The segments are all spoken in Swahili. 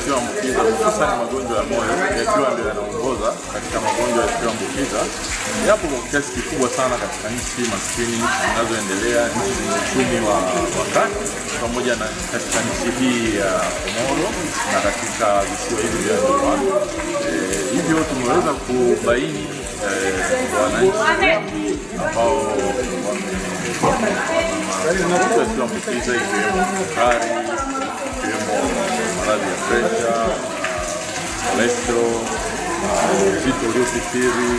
yasiyoambukiza hususani magonjwa ya moyo yakiwa ndio yanaongoza katika magonjwa yasiyoambukiza, yapo kwa kiasi kikubwa sana katika nchi maskini zinazoendelea, nchi zenye uchumi wa wakati pamoja na katika nchi hii ya Komoro na katika visiwa hivi vya Zanzibar. Eh, hivyo tumeweza kubaini eh, wananchi ambao wamekuwa na ikiwemo sukari, ikiwemo maradhi ya presha, kolestro, uzito uliokithiri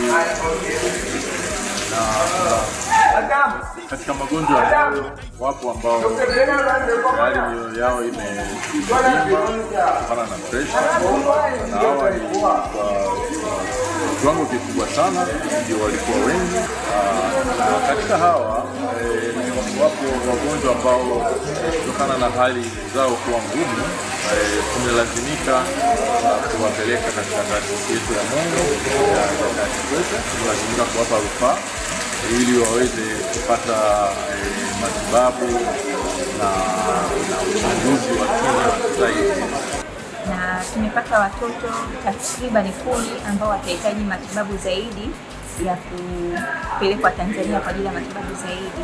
na katika magonjwa ya wapo ambao tayari mioyo yao imeima kutokana na presha, na hawa ni kwa kiwango kikubwa sana ndio walikuwa wengi ah, katika hawa wapo wagonjwa ambao kutokana na hali zao kuwa ngumu eh, tumelazimika kuwapeleka katika taasisi yetu ya Mungu Kikwete, tumelazimika kuwapa rufaa ili waweze kupata eh, matibabu na uchunguzi wa kina zaidi na tumepata watoto takribani kumi ambao watahitaji matibabu zaidi ya kupelekwa Tanzania kwa ajili ya matibabu zaidi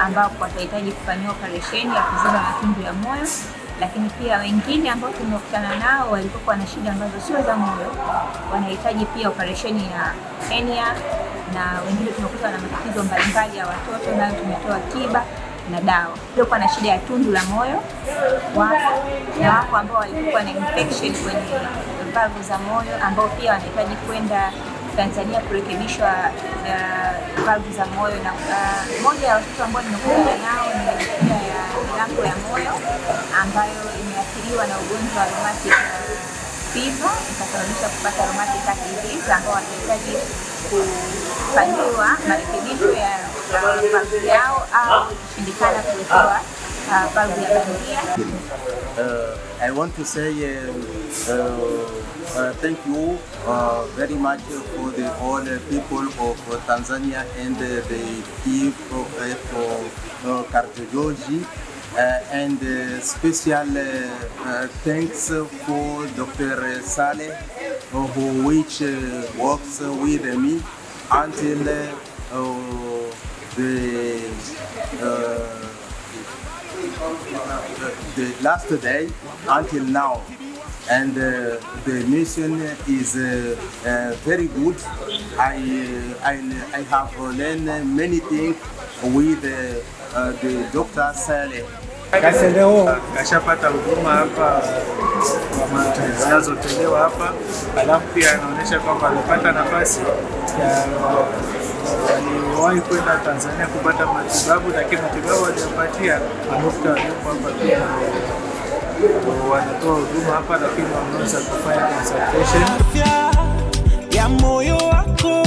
ambapo watahitaji kufanyiwa operesheni ya kuziba matundu ya moyo, lakini pia wengine ambao tumekutana nao walikuwa na shida ambazo sio za moyo, wanahitaji pia operesheni ya hernia, na wengine tumekuta na matatizo mbalimbali ya watoto, nayo tumetoa tiba na dawa. Walikuwa na shida ya tundu la moyo wapo na wako ambao walikuwa na infection kwenye valvu za moyo, ambao pia wanahitaji kwenda Tanzania kurekebishwa uh, valvu za moyo, na uh, moja ya watoto ambao nimekutana nao ni moja ya milango ya moyo ambayo imeathiriwa na ugonjwa wa rheumatic uh, fever, ikasababisha kupata rheumatic heart disease, ambao wanahitaji kufanyiwa marekebisho ya valvu yao au kushindikana kuwekewa valvu ya bandia. I want to say uh, uh, uh, thank you very much for the all people of Tanzania and the people of cardiology. Uh, and uh, special uh, thanks for Dr. Saleh, who which works with me until the the last day until now. And uh, the mission is uh, uh, very good. I, uh, I, I have learned many things with uh, uh, the Dr. Saleh. Kashapata huduma hapa zinazotolewa hapa, alafu pia anaonyesha kwamba amepata nafasi ya waliwahi kwenda Tanzania kupata matibabu, lakini matibabu waliyopatia madokta walioko hapa pia wanatoa huduma hapa, lakini wameweza kufanya consultation ya moyo wako